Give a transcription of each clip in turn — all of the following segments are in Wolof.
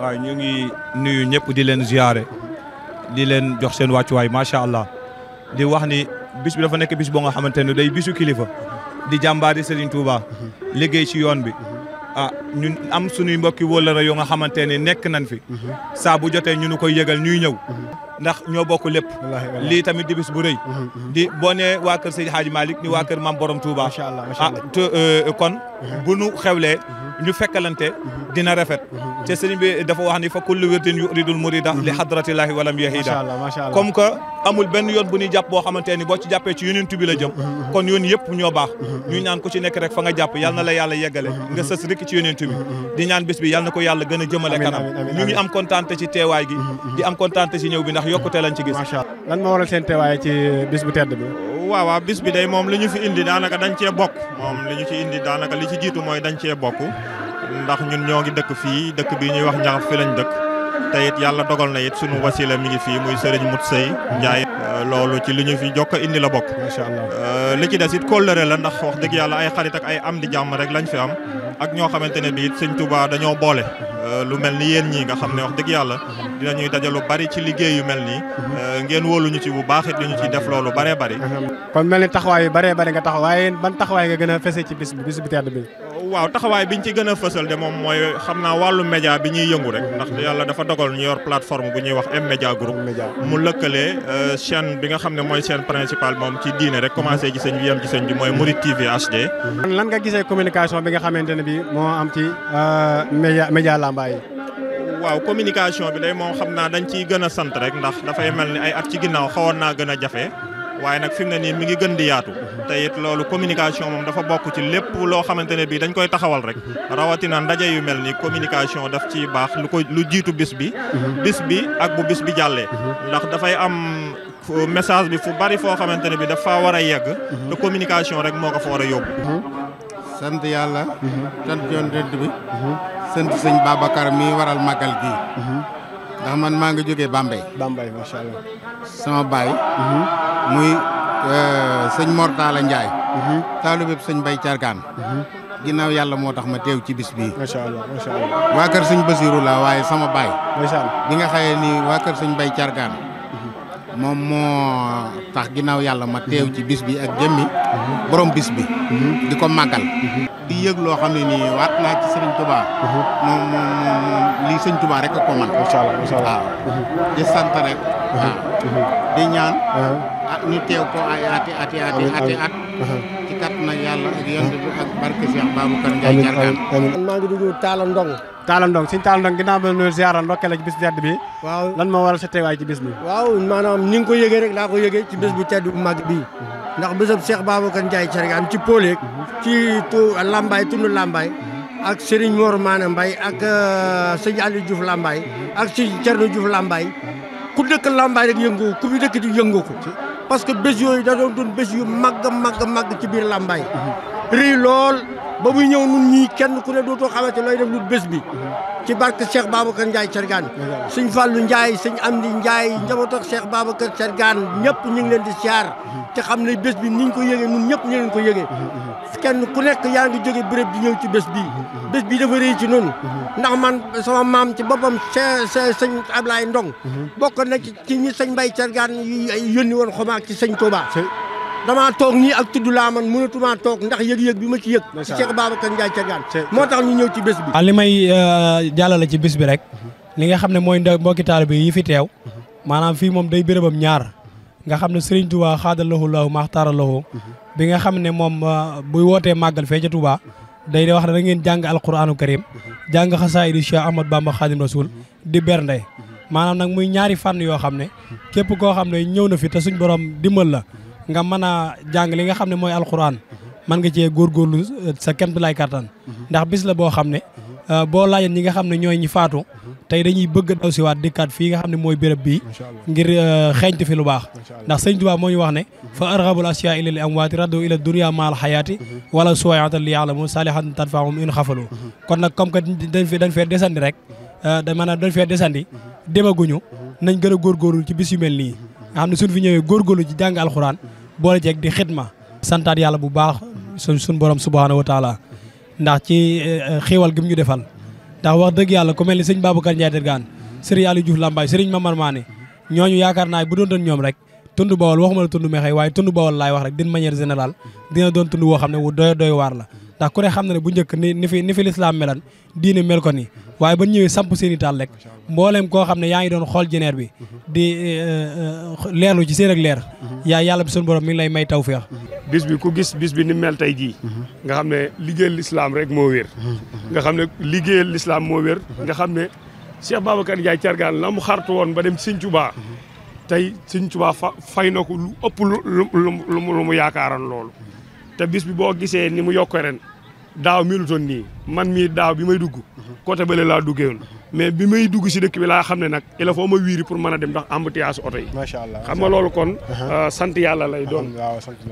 waaw ñu ngi nuyu ñëpp di leen ziare di leen jox seen wàccuwaay macha allah di wax ni bis bi dafa nekk bis boo nga xamante ne day bisu kilifa di jàmbaari Serigne Touba liggéey ci yoon bi ah ñun am suñuy mbokki wóllëre yoo nga xamante ne nekk nañ fi saa bu jotee ñu nu koy yëgal ñuy ñëw ndax ñoo bokk lépp lii tamit di bis bu rëy mhm, mhm. di boo nee waa kër Seydi Hadji Malick ni waa mhm. kër Maam Borom Touba ah euh, kon bu nu xewlee ñu fekkalante dina rafet te sëriñ bi dafa wax ni fa kullu wirdin yuridul murida li hadratillahi walam yahida comme que amul benn yoon bu ñuy jàpp boo xamante ni boo ci jàppee ci yonent bi la jëm kon yoon yëpp ñoo baax ñu ñaan ku ci nekk rek fa nga jàpp yal na la yàlla yeggale nga sës rek ci yonent di ñaan bis bi yal na ko yàlla gën a jëmale kanam ñu ngi am kontaan ci teewaay gi mm-hmm. di am kontaan ci ñëw bi ndax yokkute lañ ci gis lan bi waaw waaw bis bi day moom li ñu fi indi daanaka dañ cee bokk moom li ñu ci indi daanaka li ci jiitu mooy dañ cee bokk ndax ñun ñoo ngi dëkk fii dëkk bi ñuy wax ñax fi lañ dëkk te it yàlla dogal na it suñu wasila mi ngi fii muy sëriñ Mut Sey Njaay euh, loolu ci li ñu fi jokk indi la bokk macha allah euh, li ci des it kóllëre la ndax wax dëgg yàlla ay xarit ak ay am di jàmm rek lañu fi am ak ñoo xamante ne bi it sëñ Tuubaa dañoo boole Euh, lu mel ni yéen ñii nga xam ne wax dëgg yàlla dinañuy dajalu bari ci liggéey yu mel nii euh, ngeen wóoluñu ci bu baax it li ciy def loolu bare bari kon mel ni taxawaay yu baree bari nga taxaw waaye ban taxawaay nga gën a fese ci bis bi bis tedd bi waaw taxawaay bi ñu ci gën a fësal de moom mooy xam naa wàllu média bi ñuy yëngu rek ndax yàlla dafa dogal ñu yor plateforme bu ñuy wax M-Media Group mu lëkkale euh, chaîne bi nga xam ne mooy chaîne principale moom ci diine rek commencé ci sëñ bi yem ci sëñ bi mooy Mouride TV HD. lan nga gisee communication bi nga xamante ne bi moo am ci euh, média média Lambaye waaw communication bi day moom xam naa dañ ciy gën a sant rek ndax dafay mel ni ay at ci ginnaaw xawoon naa gën a jafe waaye nag fi mu ne nii mi ngi gën di yaatu. te it loolu communication moom dafa bokk ci lépp loo xamante ne bii dañ koy taxawal rek rawatina ndaje yu mel ni communication def ci baax lu ko lu jiitu bis bi mhm. bis bi ak bu bis bi jàllee mhm. ndax dafay am message bi fu bari foo xamante ne bi dafa war a yegg mhm. te communication rek moo ko fa war a yóbbu sant yàlla sant yonent bi sant sëñ Babacar mi waral màggal gi ndax man maa nga jóge Bambey. Bambey macha allah. sama baay. Mhm. muy euh, sëñ Mortala Ndiaye. Mhm. taalibe bépp sëñ Bay Cargaan. Mhm. ginnaaw yàlla moo tax ma teew ci bis bii. macha allah macha waa kër sëñ Basiru la waaye sama baay. macha allah bi nga xayee ni waa kër sëñ Bay Cargaan. moom moo tax ginnaaw yàlla ma teew ci bis bi ak jëmmi borom bis bi di ko màggal di yëg loo xam ne nii waat naa ci sëriñ Touba moom moom moom lii sëñ Touba rek ko man di sant rek uh-huh. di ñaan uh-huh. ah teew ko ay ati ati ati ati at uh-huh. kàttanal yàlla ak yonent bi ak barke Cheikh Babacar Ndiaye Diargane amiin maa ngi dugg Talla Ndong Talla Ndong suñu Talla Ndong ginnaaw ba nuyu ziara ndokkee la ci bis tedd bi waaw lan moo waral sa teewaay ci bis bi waaw maanaam ni nga ko yëgee rek laa ko yëgee ci bis bu bu mag bii ndax bésab Cheikh Babacar Ndiaye Diargane ci Poléek ci tu Lambaay tund Lambaay ak Serigne Mor Maane Mbaye ak euh, sëñ Aliou Diouf ak sëñ Thierno Diouf Lambaay ku dëkk Lambaay rek yëngu ku dëkk di yëngu ko parce que bés yooyu da doon doon bés yu màgg màgg màgg ci biir làmbaay mhm. rëy lool ba muy ñëw nun ñii kenn ku ne dootoo xamante looy def lu bés bi mhm. ci barke Cheikh Babacar Ndiaye Thiergane sëñ Fallou Ndiaye sëñ Amdi Ndiaye njaboot ak Cheikh Babacar Thiergane ñëpp ñu ngi leen di siyaar te xam ne bés bi niñ ko yëgee ñun ñëpp ñu leen ko yëgee kenn ku nekk yaa ngi jóge béréb di ñëw ci bes bi bés bi dafa rëy ci noonu ndax man sama maam ci boppam sëñ Ablaye Ndong bokk na ci ñi sëñ Mbaye Thiergane yónni woon xomaak ci sëñ Touba damaa toog nii ak tudd laa man mënatumaa toog ndax yëg-yëg bi ma ci yëg ci Cheikh Babacar Ndiaye Thiergane moo tax ñu ñëw ci bés bi ah, li may euh, jàllale ci bés bi rek li nga xam ne mooy ndaw mbokki bi yi fi teew maanaam fii moom day bérébam ñaar nga xam ne Serigne Touba xaadalahu lahu maxtaaralahu bi nga xam ne moom euh, buy wootee màggal fee ca Touba day wax ne da ngeen jàng alquranu karim jàng xasaayidu Cheikh Ahmad Bamba Xaadim Rasul di bernde maanaam nag muy ñaari fànn yoo xam ne képp koo xam ne ñëw na fi te suñ borom dimbal la nga mën a jàng li nga xam ne mooy alxuraan mën nga cee góorgóorlu euh, sa kemt lay kattan ndax bis la boo xam ne euh, boo laajoon ñi nga xam ne ñooy ñi faatu tey dañuy bëgg daw waat dikkaat fii nga xam ne mooy béréb bii ngir euh, xeeñtu fi lu baax ndax sëñ Tuubaa moo ñu wax ne fa arxabul asiya ila li amwaati rado ila dunia maal xayaati wala suwayaatan li yaalamu saalihatan tadfaahum in xafalu kon nag comme que dañ fi dañ fee desandi rek da maanaam dañ fee desandi demaguñu nañ gën a góorgóorlu ci bis yu nga xam ne suñ fi ñëwee góorgóorlu ci jàng alxuraan boole jeeg di xidma santaat yàlla bu baax suñ suñ borom subhaanahu wa taala ndax ci eh, xéewal gi mu ñu defal ndax wax dëgg yàlla ku mel ni sëñ Babacar Ndiaye Dergan sëriñ Aliou Diouf Lambaye sëriñ Mamar Mané ñooñu yaakaar naa bu doon doon ñoom rek tund bawol waxuma la tund mexey waaye tund bawol laay wax rek d'une manière générale dina doon tund woo xam ne wu doy doy waar la ndax ku ne xam na ne bu njëkk ni ni fi ni fi lislaam melan diine mel ko nii waaye ba ñëwee samp seen i taal rek mbooleem koo xam ne yaa ngi doon xool jeneer bi di eh, eh, leerlu ci seen ak leer yaa yàlla bi suñu borom mi ngi lay may taw tawfeex bis bi ku gis bis bi ni mel tey ji nga xam ne liggéeyal lislaam rek moo wér nga xam ne liggéeyal lislaam moo wér nga xam ne Cheikh Babacar Ndiaye Thiergane la mu xartu woon ba dem Sëñ Tuubaa tey Sëñ Tuubaa fa fay na ko lu ëpp lu lu mu yaakaaran loolu te bis bi boo gisee ni mu yokkee ren daaw melutoon nii man mii daaw bi may dugg côté bële laa duggeewoon mais bi may dugg si dëkk bi laa xam ne nag il faut ma wiiri pour mën dem ndax embouteillage oto yi macha allah xam nga loolu kon euh, sant yàlla lay doon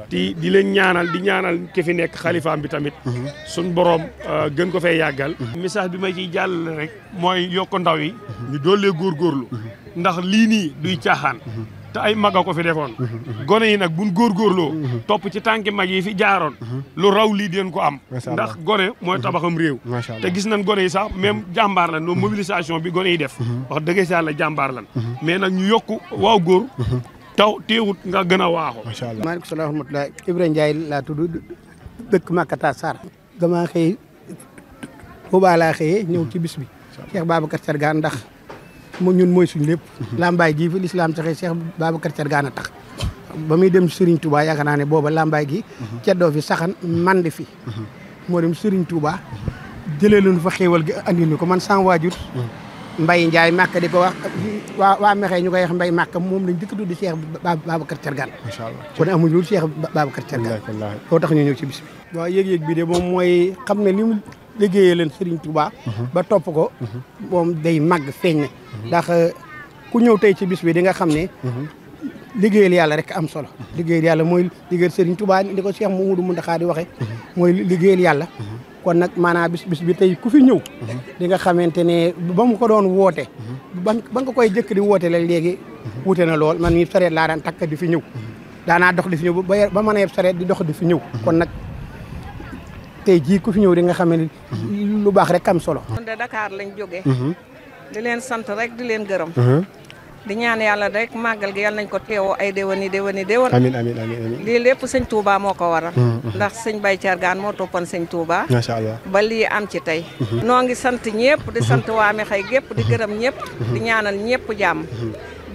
ti di leen ñaanal di ñaanal ki fi nekk xalifaam bi tamit mhm. suñ borom euh, gën ko fee yàggal mhm. message bi may ciy jàllale rek mooy yokk ndaw yi mhm. ñu góor góorlu ndax lii nii duy caaxaan te ay mag a ko fi defoon mhm, mhm. gone yi nag góor góorgóorloo mhm, topp ci tànki mag yi fi jaaroon lu raw lii deen ko am ndax gone mooy tabaxam réew te gis nañ gone yi sax même jàmbaar lan loolu mobilisation bi gone yi def wax dëgg yàlla jàmbaar lan mais nag ñu yokk waaw góor taw teewut nga gën a waaxo macha allah maaleykum salaam wa rahmatulah Ibrahima laa tudd dëkk Makata Sarr damaa xëy boobaa laa xëyee ñëw ci bis bi Cheikh Babacar Sarr ndax ñun mooy suñu lépp. lambaay ji fa lislaam taxee Cheikh Babacar Thiergane a tax. ba muy dem Serigne Touba yaakaar naa ne booba lambaay gi. ceddoo fi saxan mandi fi. moo dem Serigne Touba. jëlee lu fa xéewal gi andi ñu ko man sans waajur. Mbay Ndiaye màkk di ko wax waa waa Mexe ñu koy wax Mbay màkk moom lañ dëkk tuddi Cheikh Babacar Thiergane. macha allah kon amuñu loolu Cheikh Babacar Thiergane. wallaahi tax ñu ñëw ci bis bi. waaw yëg bi de moom mooy xam ne li liggéeyee leen Serigne Touba. Mhm. ba topp ko. Mhm. moom day màgg feeñ na. Mhm. ndax euh, ku ñëw tey ci bis di nga xam ne. liggéeyal yàlla rek am solo. liggéeyal yàlla mooy liggéeyal Serigne tubaa ni ko seex mu Cheikh Mamadou Mountakha di waxee. mooy liggéeyal yàlla. kon nag maanaam bis bis bi tey ku fi ñëw. di nga xamante ne ba mu ko doon woote. ba ba nga koy jëkk di woote la léegi. wute na lool man mii sareet laa daan takk di fi ñëw. daanaa dox di fi ñëw ba ba mën a yeb sareet di dox di fi ñëw kon nag. tey jii ku fi ñëw di nga xam lu baax rek am solo. ñun de Dakar lañ jógee. Mhm. di leen sant rek di leen gërëm. Mhm. di ñaan yàlla rek màggal gi yàlla nañ ko teewoo ay de déwéni déwén. amiin amiin amiin lii lépp sëñ Touba moo ko waral. Mhm, ndax sëñ Baye gaan moo toppoon sëñ Touba. macha allah ba lii am ci tey. noo ngi sant ñëpp di sant waa mi xëy gépp di gërëm ñëpp. di ñaanal ñëpp jàmm.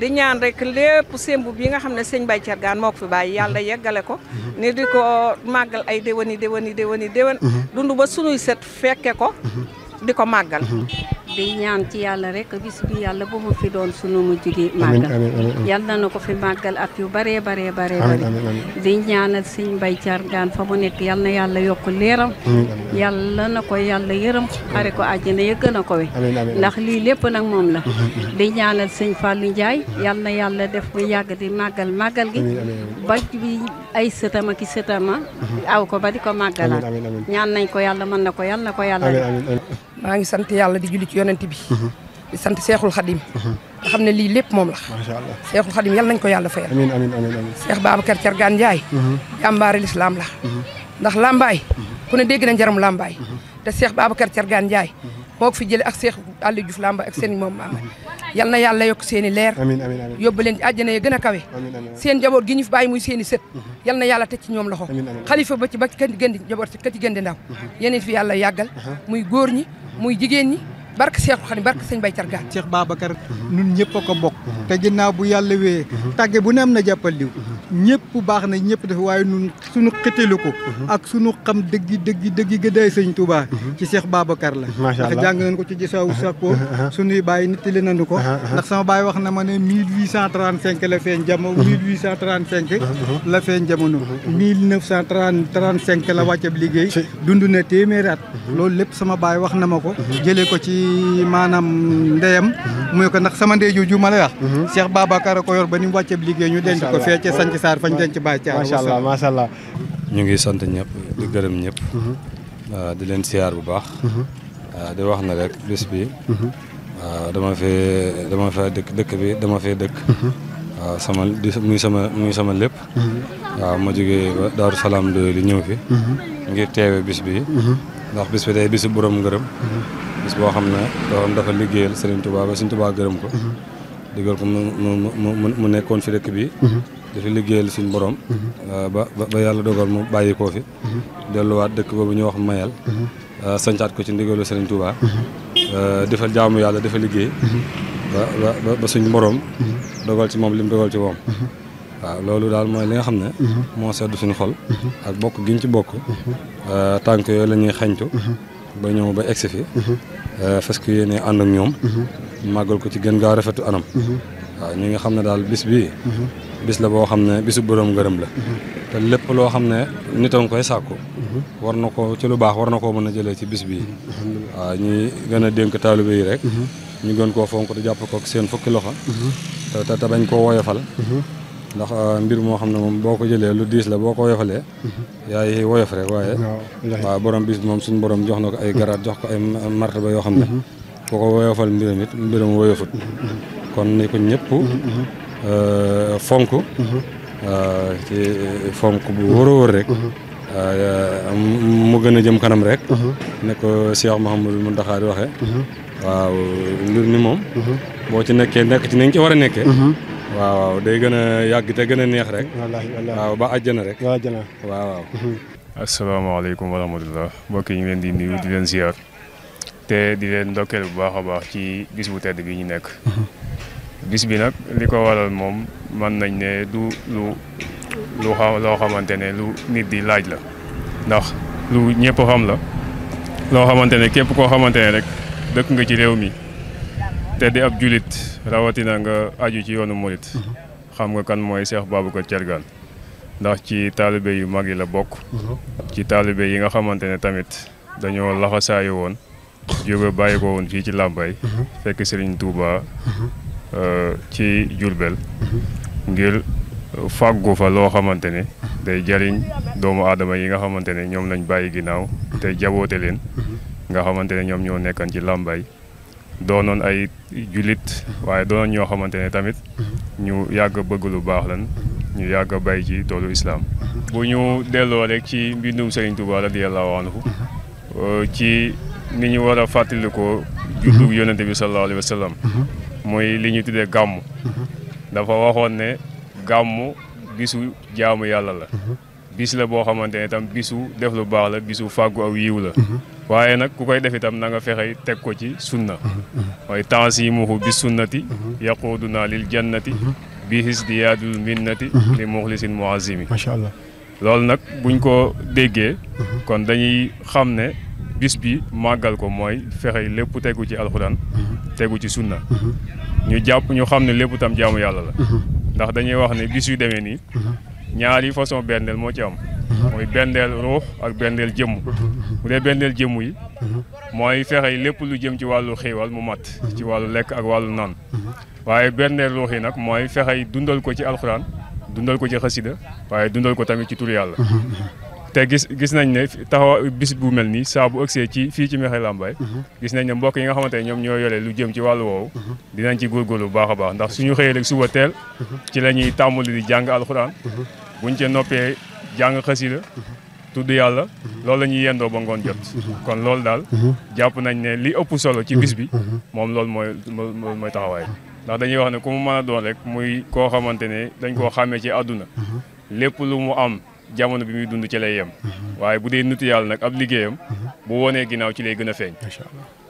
di ñaan rek lépp sembu bi nga xam ne sëñ Baye Thiergane moo ko fi bàyyi yàlla mhm. yeggale ko mhm. ni di ko màggal ay déwéni déwéni déwéni déwén mhm. dund ba sunuy set fekke ko di ko màggal di ñaan ci yàlla rek bis bi yàlla bu mu fi doon sunu mujj di màggal yal na na ko fi màggal at yu baree baree baree bari di ñaanal sëñ Mbay Cargaan fa mu nekk yal na yàlla yokk leeram yàlla na ko yàlla yërëm xare ko àjjana ya gën a ndax lii lépp nag moom la di ñaanal sëñ Fallou Ndiaye yal na yàlla def bu yàgg di màggal màggal gi ba bi ay sëtama ki sëtama ah, aw ko ba di ko màggalaat ñaan nañ ko yàlla mën na ko yàlla na ko yàlla di julli ci yonent bi di sant seexul xadim nga xam ne lii lépp moom la macha allah seexul xadim yal nañ ko yàlla fayal amiin amiin amiin amiin seex Babacar ndax lambaay ku ne na njaram lambaay te seex Babacar Cargaan Njaay moo ko fi jële ak seex Aliou Diouf Lamba ak seen moom maama yal na yàlla yokk seen i leer yóbbu leen ci àjjana ya gën a kawe seen njaboot gi ñu fi bàyyi muy seen i sët yal na yàlla ba ci ba ci gën di njaboot ka muy góor ñi muy jigéen ñi barke Seexu Xadim barke sëñ Bay Carga Cheikh Babacar ñëpp a ko bokk te ginnaaw bu yàlla wéyee mhm. tàgge bu ne am na jàppal liw mhm. ñëpp baax na ñëpp def waaye nun suñu xitali ko mhm. ak suñu xam dëggi dëggi dëggi gëddaay sëñ Touba ci Cheikh Babacar la ndax jàng nañ ko ci gisaawu sàkko suñuy bàyyi nittali nañu ko ndax sama bàyyi wax na ma ne 1835 la feeñ jamono 1835 la feeñ jamono 1935 la wàccab liggéey dund ne téeméeraat at loolu lépp sama baay wax na ma ko jëlee ko ci maanaam ndeyam mhm. mu ne ko ndax sama ndey jooju ma lay wax mhm. Cheikh Babacar ko yor ba ni mu liggéey ñu denc ko fee ca sanc saar fañ denc bàyyi ca macha allah ñu ngi sant ñëpp di gërëm ñëpp mhm. ah, di leen siyaar bu baax ah, di wax na rek bis bi waaw ah, dama fee dama dëkk dëkk bi dama fee dëkk waaw sama muy sama muy sama lépp waaw ma jógee ba Daaru Salaam doy li ñëw fi ngir teewe bis bi ndax bis bi day bisu borom ngërëm bis boo xam ne borom dafa liggéeyal Serigne Touba ba Serigne Touba gërëm ko digal ko mu mu mu nekkoon fi dëkk bi dafa liggéeyal suñu borom ba ba yàlla dogal mu bàyyi koo fi delluwaat dëkk boobu ñu wax mayal ah, sancaat ko ci ndigalu Serigne Touba ah, defal jaamu yàlla dafa liggéey ba ba ba suñ borom dogal ci moom li mu dogal ci moom waaw loolu daal mooy li nga xam ne. Mhm. moo sedd suñu xol. Mhm. ak bokk gi ñu ci bokk. Mhm. Euh, tànk yooyu lañuy ñuy xañtu. ba ñëw ba egsi fi. Euh, fas yéene ànd ak ñoom. màggal ko ci gën gaa rafetu anam. waaw ñi nga xam ne daal bis bii. bis la boo xam ne bisu borom gërëm la. te lépp loo xam ne nit a koy sàkku. war na ko ci lu baax war na koo mën a jëlee ci bis bii. waaw ñuy gën a dénk taalibe yi rek. ñu gën koo fonk du jàpp ko ak seen fukki loxo. te te bañ koo woyofal. ndax euh, mbir moo xam ne moom boo ko jëlee lu diis la boo ko woyofalee mhm. yaay woyof rek waaye waaw borom bis moom suñu boroom jox na ko ay garaat jox ko ay ba yoo xam ne boo mhm. ko woyofal mbiram it mbiram woyofut mhm. kon ni ñëpp euh, fonk ci bu wóor a wóor mu gën a jëm kanam rek ne ko Cheikh Mouhamadou mu di waxe waaw mbir mi moom boo ci nekkee nekk ci nañ ci war a nekkee waaw waaw day gën a yàgg te gën a neex rek. waaw ba àjjana rek. ba àjjana waaw waaw. Mhm. asalaamaaleykum wa rahmatulah mbokk yi ñu leen di nuyu di leen ziar te di leen ndokkeel bu baax a baax ci bis bu tedd bi ñu nekk. Mhm. bis bi nag li ko waral moom mën nañ ne du lu lu loo xamante ne lu nit di laaj la ndax lu ñëpp xam la loo xamante ne képp koo xamante ne rek dëkk nga ci réew mi. te di ab julit rawatina nga aju ci yoonu murit mhm. xam nga kan mooy Cheikh Babacar Thiergane ndax ci taalibe yu mag yi la bokk mhm. ci taalibe yi nga xamante ne tamit dañoo laxasaayu woon jóge bàyyi ko woon fii ci làmbay mhm. fekk Serigne Touba euh, ci Jurbel ngir fàggu fa loo xamante ne day jariñ doomu aadama yi nga xamante ne ñoom lañ bàyyi ginnaaw te jaboote leen nga xamante ne ñoom ñoo nekkan ci làmbay doonoon ay jullit waaye doonoon ñoo xamante ne tamit mhm. ñu yàgg bëgg lu baax lan mhm. ñu yàgg a bay ci toolu islaam mhm. bu ñu delloo rek ci mbindum Serigne Touba radiyallahu anhu euh, ci ni ñu war a fàttalikoo juddug yonente bi sallallahu alayhi wa sallam li ñu tuddee gàmm dafa waxoon ne gàmmu bisu jaamu yàlla la bis la boo xamante ne tam bisu def lu baax la bisu fàggu aw yiw la waaye nag ku koy def itam na nga fexe teg ko ci sunna mooy tansimuhu bi sunnati naa lil jannati bi hisdiyaadul minnati li muxlisin muazimi macha allah loolu nag buñ ko déggee kon dañuy xam ne bis bi màggal ko mooy fexe lépp tegu ci alxuraan tegu ci sunna ñu jàpp ñu xam ne lépp tam jaamu yàlla la mhm. ndax dañuy wax ne bis yu demee nii mhm. ñaari façon bendeel moo ci am uh-huh. mooy bendeel ruux ak bendeel jëmm uh-huh. Uh-huh. bu dee bendeel jëmm yi mooy fexe lépp lu jëm ci wàllu xiiwal mu mat ci wàllu lekk ak wàllu noon waaye bendeel ruux yi nag mooy fexe dundal ko ci alxuraan dundal ko ci xasida waaye dundal ko tamit ci tur yàlla te gis gis nañ ne taxaw bis bu mel nii saa bu ëgsee ci fii ci Mekhe Lambaye mhm. gis nañ ne mbokk yi nga xamante ne ñoom ñoo yore lu jëm ci wàllu woowu mhm. dinañ ci góorgóorlu bu baax a baax ndax ñu xëyee rek suba teel mhm. ci la ñuy tàmmali di jàng alxuraan buñ ca noppee jàng xasida tudd yàlla loolu lañuy ñuy yendoo ba ngoon jot kon loolu daal jàpp nañ ne li ëpp solo ci bis bi moom loolu mooy loolu mooy taxawaay ndax dañuy wax ne ku mu a doon rek muy koo xamante ne dañ koo xàmmee ci àdduna jamono bi muy dund ci lay yem mhm. waaye bu dee nitu yàlla nag ab liggéeyam mhm. bu wonee ginaaw ci lay gën a feeñ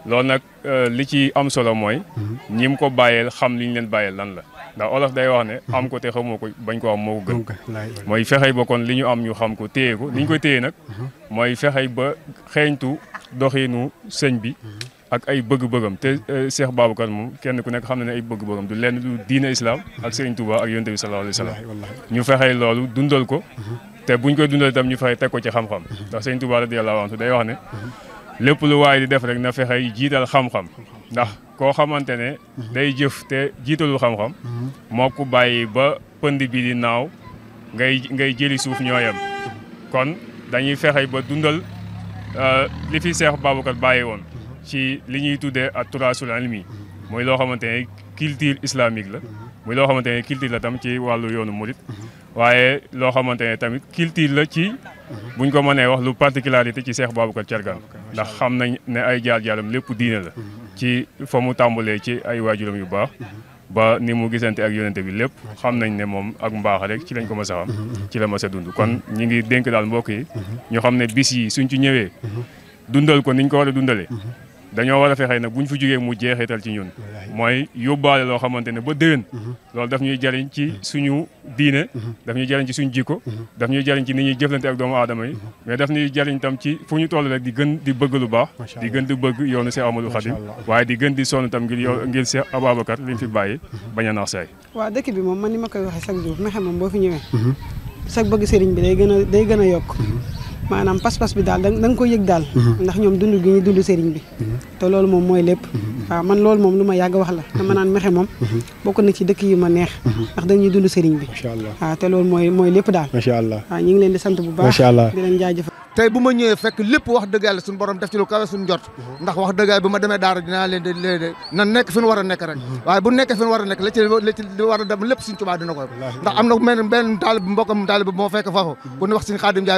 loolu nag euh, li ci am solo mooy mhm. ñi ko bàyyeel xam li ñu leen bàyyeel lan la ndax olof day wax ne am ko te xamoo ko bañ ko am moo ko gën mooy fexe ba kon li ñu am ñu xam ko téye ko li koy téye nag mooy fexe ba xeeñtu doxinu sëñ bi ak ay bëgg-bëggam te baabu euh, Babacar moom kenn ku nekk xam na ne ay bëgg-bëggam du lenn du diine islam ak Serigne Touba ak yonte bi sallallahu alayhi wa ñu fexe loolu dundal ko te buñ koy dundal itam ñu fexe teg ko ci xam-xam ndax sëñ Tuubaa radiyallaahu anhu day wax ne lépp lu waay di def rek na fexey jiital xam-xam ndax koo xamante ne day jëf te jiitalul xam-xam moo ko bàyyi ba pënd bi di naaw ngay ngay jëli suuf ñooyam kon dañuy fexe ba dundal euh, li fi Seex Babacar bàyyi woon ci li ñuy tuddee at turaasul almi mooy loo xamante ne culture islamique la muy loo xamante ne culture la tam ci wàllu yoonu murit mhm. waaye loo xamante ne tamit culture la ci mhm. buñ ko mënee wax lu particularité ci Cheikh Babacar Thiergane ndax xam nañ ne ay jaar-jaaram lépp diine la mhm. ci fa mu tàmbalee ci ay waajuram yu baax ba ni mu gisante ak yonente bi lépp xam nañ ne moom ak mbaax rek ci lañ ko mas a xam ci la mas a dund kon ñu ngi dénk daal mbokk yi ñu xam ne bis yi suñ ci ñëwee dundal ko niñ ko war a dundalee dañoo war a fexe nag bu ñu fi jógee mu jeexee tal ci ñun mooy yóbbaale loo xamante ne ba déwén mhm. loolu daf ñuy jariñ ci mhm. suñu diine mhm. daf ñuy jariñ ci suñu jikko daf ñuy jariñ ci ni ñuy jëflante ak doomu aadama yi mais daf ñuy jariñ tam ci fu ñu toll rek di gën di bëgg lu baax di gën di bëgg yoonu Seex Ahmadou Khadim waaye di gën di sonn tam ngir yow ngir Seex Ababacar li mu fi bàyyi bañ a nax saay waaw dëkk bi moom man ni ma koy waxee chaque jour mexe moom gën yokk maanaam pas-pas bi daal da nga ko yëg daal mhm. ndax ñoom dund gi ñu dund sëriñ bi mhm. te loolu moom mooy lépp mhm. waaw man loolu moom lu ma yàgg wax la dama naan mexe moom bokk na yi ma neex ndax dañuy dund sëriñ bi waaw te loolu mooy mooy leen di sant ma ñëwee fekk lépp wax dëgg yàlla suñu borom def ci lu kawe suñu jot ndax nekk a nekk rek waaye bu a nekk la ci la ci war a dem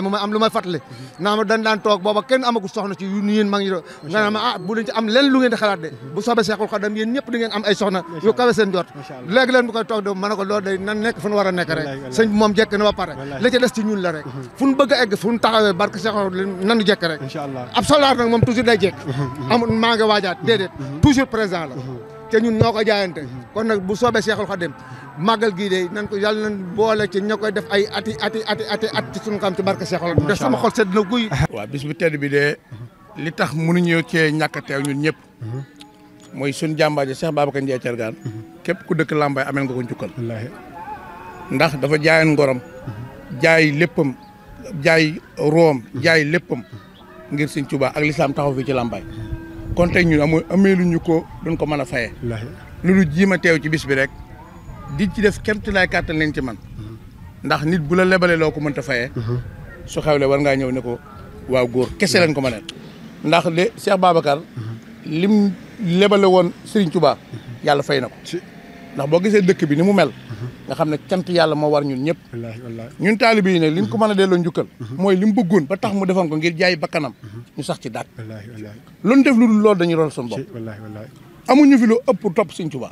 moom am lu may fàttali naa ma dañ daan toog booba kenn amagu soxna ci yu yéen mag ñi nga naa ma ah bu leen ci am leen lu di xalaat de bu soobee Seexul Xadim yéen ñëpp di ngeen am ay soxna yu kawe seen jot léegi leen bu koy toog de ma ko loolu day nan nekk fu nu nekk rek sëñ moom jekk na ba pare la ca des ci ñun la rek mhm. fu nu egg fu taxawee barke Seexul nanu jekk rek ab soldat nag moom toujours day jekk mhm. Mhm. amul maa ngi waajaat déedéet toujours présent la te màggal gii de nan ko yàlla nañ boole ci ña koy def ay ati ati ati ati at ci sunu kam ci barke Cheikh Olam sama xol sedd na guy waaw bis bu tedd bi de li tax mënuñu cee ñàkk a teew ñun ñëpp mooy suñ jàmbaar ji Cheikh Babacar Ndiaye Thiergane képp ku dëkk Lambaye amel nga ko njukkal ndax dafa jaayan ngorom jaay léppam jaay room jaay léppam ngir Sëñ Tuubaa ak lislaam taxaw fii ci Lambaye kon tey ñun amu ñu ko duñ ko mën a faye lu lu jiima teew ci bis bi rek di ci def kéem tolluwaay kàttan leen ci man ndax nit bu la lebalee loo ko mënta fayee. xew xewlee war ngaa ñëw ne ko waaw góor kese leen ko ma ne ndax de Cheikh Babacar. lim lebale woon Serigne Touba yàlla fay na ko. ndax boo gisee dëkk bi ni mu mel. Mhm. nga xam ne cant yàlla moo war ñun ñëpp. ñun taalibe yi ne liñ ko mën a njukkal. Mhm. mooy li mu bëggoon ba tax mu mhm. defoon ko ngir jaay bakkanam. ñu sax ci daat loolu def lu dul loolu dañuy rol suñu bopp. amuñu fi lu ëpp topp Serigne Touba.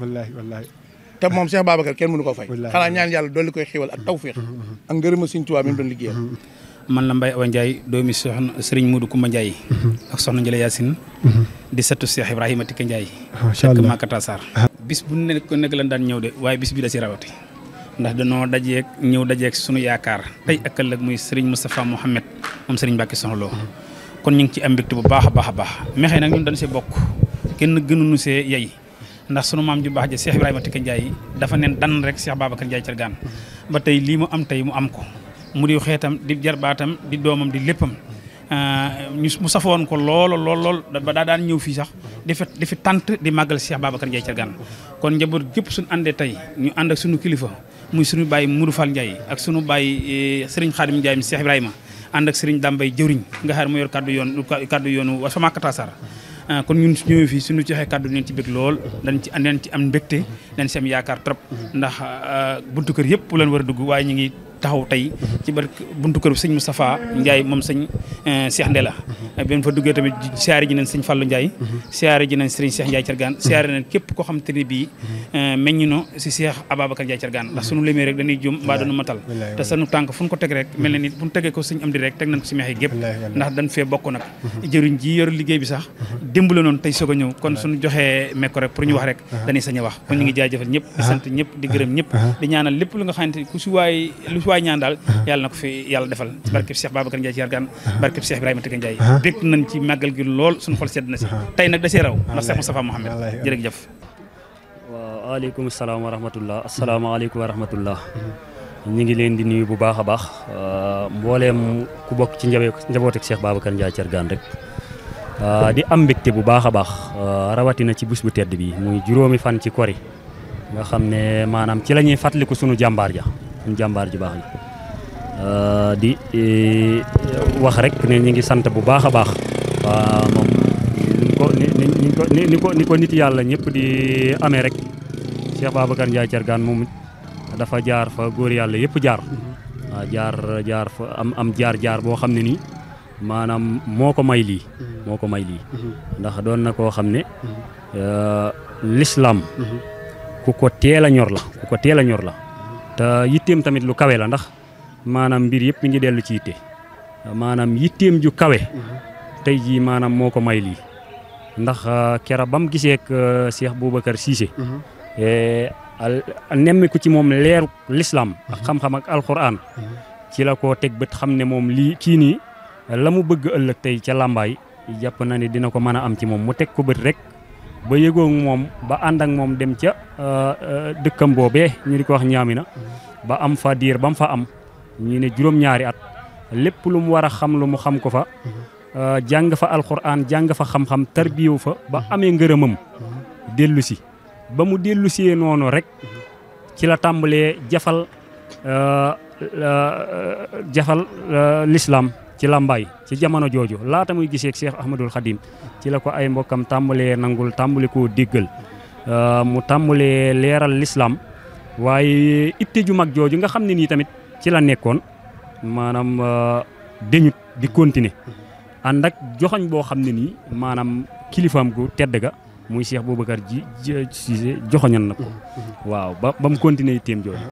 te moom Cheikh Babacar kenn mënu ko fay xanaa ñaan yàlla dolli koy xéwal ak tawféex mm-hmm. ak ngërëma Sëriñ Tuubaa mi mu doon liggéeyal mm-hmm. man la Mbaye Awa Ndiaye doomi soxna Serigne Modou Koumba Ndiaye mm-hmm. ak soxna Ndjële Yacine di settu Cheikh Ibrahima Tikka Ndiaye fekk Makata Sarr ah. bis bu nekk nekk lan daan ñëw de waaye bis bi da si rawati ndax dañoo dajeeg ñëw dajeek suñu yaakaar tey ak ëllëg muy Serigne Moustapha Mouhamed moom seriñ Mbacke Soxna Lo kon ñu ngi ci am mbégte bu baax a baax a baax mexe nag ñun dañ see bokk kenn gënuñu see yey ndax sunu maam ju baax ja Cheikh Ibrahima Tikka Ndiaye dafa neen dan rek Cheikh Babacar Ndiaye Thiergane ba tey lii mu am tey mu am ko mu di xeetam di jarbaatam di doomam di léppam ñu mu safoon ko lool lool lool ba daa daan ñëw fii sax di fi tant di màggal Cheikh Babacar Ndiaye Thiergane kon njaboot gépp suñu àndee tey ñu ànd ak sunu kilifa muy suñu baay Moudou Fall ak sunu baay e, Serigne Khadim Ndiaye mi Cheikh Ibrahima ànd ak sëriñ Dambay jëwriñ nga xam ne mu yor kaddu yoon kaddu yoonu wa sama Ah, kon ñun su ñëwee fii suñu joxee kàddu neen ci bëgg lool dañ ci neen ci am mbégte dañ si am yaakaar trop mm-hmm. ndax ah, buntu kër yëpp lañ war a dugg waaye ñu ngi taxaw tey ci bar buntu kër sëñ Moustapha Ndiaye moom sëñ eh, Cheikh Ndela eh, ben fa duggee tamit siyaare ji nañ sëñ Fallou Ndiaye siyaare ji nañ sëriñ Cheikh Ndiaye Thiergane siyaare nañ képp koo xam te ne bii eh, meññ no si Cheikh Ababacar Ndiaye Thiergane ndax sunu lemee rek dañuy jum mbaa dañu matal te sunu tànk fu ñu ko teg rek mel na ni fu ñu tegee ko sëñ am di rek teg nañ ko si meex yi gépp ndax dañ fee bokk nag mhm. jëriñ ji yor liggéey bi sax mhm. démb la noonu tey soog a ñëw kon suñu joxee mekko pour ñu wax rek mhm. dañuy sañ wax kon ñu ngi jaajëfal ñëpp sant ñëpp di gërëm ñëpp waay ñaan daal yàlla na ko fi yàlla defal ci barkeb Cheikh Babacar Ndiaye ci Yargaan barkeb Cheikh Ibrahima Tëgg Ndiaye dégg nañ ci màggal gi lool suñu xol sedd na si tey nag da see raw ndax Cheikh Moustapha Mouhamed jërëjëf waaw salaam wa rahmatullah asalaamaaleykum wa rahmatullah ñu ngi leen di nuyu bu baax a baax mbooleem ku bokk ci njabootek Cheikh Babacar Ndiaye ci Yargaan rek di am mbégte bu baax a baax rawatina ci bés bu tedd bi muy juróomi fan ci kori nga xam ne maanaam ci la ñuy fàttaliku sunu jàmbaar ja jàmbaar ju baax la euh, di wax rek ne ñu ngi sant bu baax a baax waa moom ni ko nit yàlla ñëpp di ame rek Cheikh Babacar Ndiaye Thiergane moom dafa jaar fa góor yàlla yëpp jaar waaw jaar jaar fa am am jaar jaar boo xam ne nii maanaam moo ko may lii moo ko may lii ndax doon na koo xam ne mhm. euh, l'islam mhm. ku ko teel a ñor la ku ko teel a ñor la te yitteem tamit lu kawe la ndax maanaam mbir yëpp mi ngi dellu ci yitte maanaam yitteem ju kawe mhm. tey jii maanaam moo ko may lii ndax uh, kera ba mu gisee ak uh, Cheikh Boubacar Cissé mhm. e, nemmiku ci moom leeru lislaam ak mhm. xam-xam ak alxuraan ci la ko teg bët xam ne moom lii kii nii la mu bëgg ëllëg tey ca làmbaay jàpp na ni dina ko mën a am ci moom mu teg ko bët rek ba yëgoog moom ba ànd ak moom dem ca euh, euh, dëkkam boobee ñu di ko wax ñaamina ba am fa diir ba mu fa am ñu ne juróom-ñaari at lépp lu mu war a xam lu mu xam ko fa mhm. euh, jàng fa alxuraan jàng fa xam-xam tarbiyewu fa ba mhm. amee ngërëmam mhm. dellu si ba mu dellu see noonu rek ci la tàmbalee jafal jafal lislaam ci Lambaay ci jamono jooju laata muy gisee ak Cheikh Ahmadul Khadim ci la ko ay mbokkam tàmbalee nangul tàmbali koo déggal euh, mu tàmbalee leeral lislaam waaye itte ju mag jooju nga xam ne nii tamit ci la nekkoon maanaam euh, deñut di continuer ànd ak joxoñ boo xam ne nii maanaam kilifaam gu tedd ga muy Cheikh Boubacar ji Cissé joxoñan na ko mm-hmm. waaw ba ba mu continuer itteem jooju